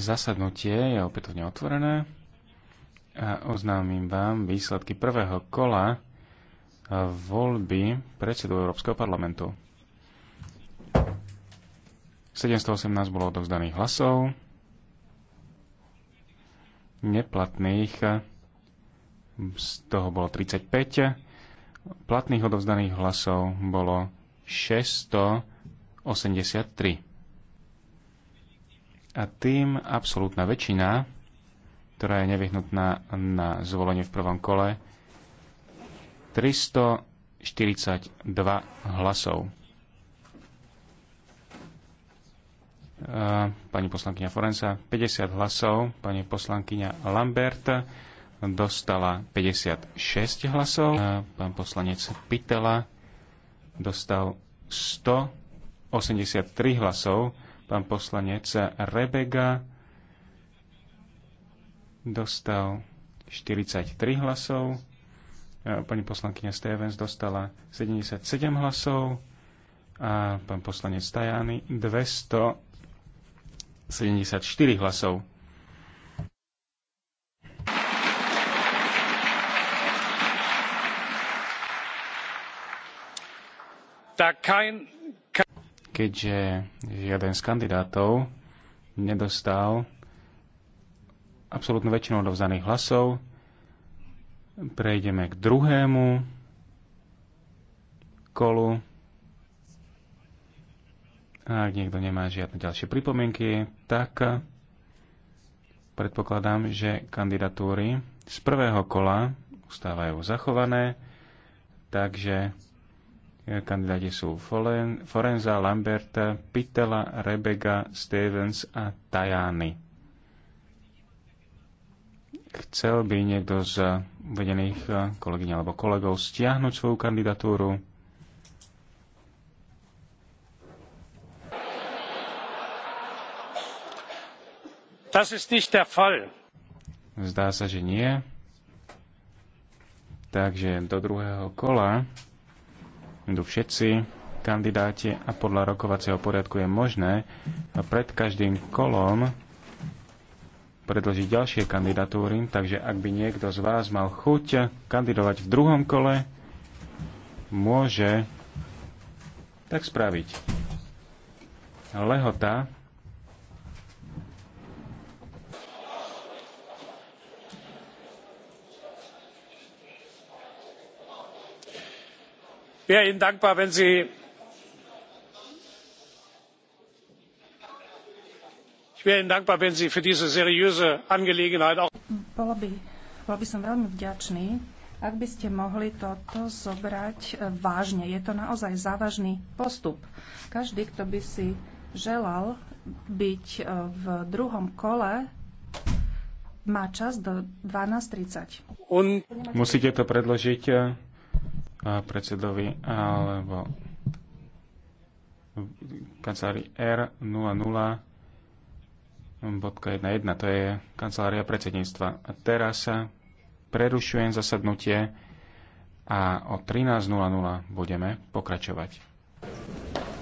Zasadnutie je opätovne otvorené a oznámim vám výsledky prvého kola voľby predsedu Európskeho parlamentu. 718 bolo odovzdaných hlasov, neplatných z toho bolo 35, platných odovzdaných hlasov bolo 683 a tým absolútna väčšina, ktorá je nevyhnutná na zvolenie v prvom kole, 342 hlasov. Pani poslankyňa Forensa 50 hlasov, pani poslankyňa Lambert dostala 56 hlasov, pán poslanec Pitela dostal 183 hlasov, pán poslanec Rebega dostal 43 hlasov, e, pani poslankyňa Stevens dostala 77 hlasov a pán poslanec Tajany 274 hlasov. Tak kein keďže žiaden z kandidátov nedostal absolútnu väčšinu odovzdaných hlasov, prejdeme k druhému kolu. A ak niekto nemá žiadne ďalšie pripomienky, tak predpokladám, že kandidatúry z prvého kola ustávajú zachované, takže Kandidáti sú Forenza, Lamberta, Pitela, Rebega, Stevens a Tajany. Chcel by niekto z uvedených kolegyň alebo kolegov stiahnuť svoju kandidatúru? Das ist nicht der Fall. Zdá sa, že nie. Takže do druhého kola idú všetci kandidáti a podľa rokovacieho poriadku je možné pred každým kolom predložiť ďalšie kandidatúry, takže ak by niekto z vás mal chuť kandidovať v druhom kole, môže tak spraviť. Lehota wäre ihnen dankbar wenn sie ich wäre ihnen dankbar wenn sie für diese seriöse angelegenheit auch bol by som veľmi vďačný, ak by ste mohli toto zobrať e, vážne. Je to naozaj závažný postup. Každý, kto by si želal byť e, v druhom kole, má čas do 12.30. Musíte to predložiť e, predsedovi alebo kancelárii R00.11. To je kancelária predsedníctva. A teraz sa prerušujem zasadnutie a o 13.00 budeme pokračovať.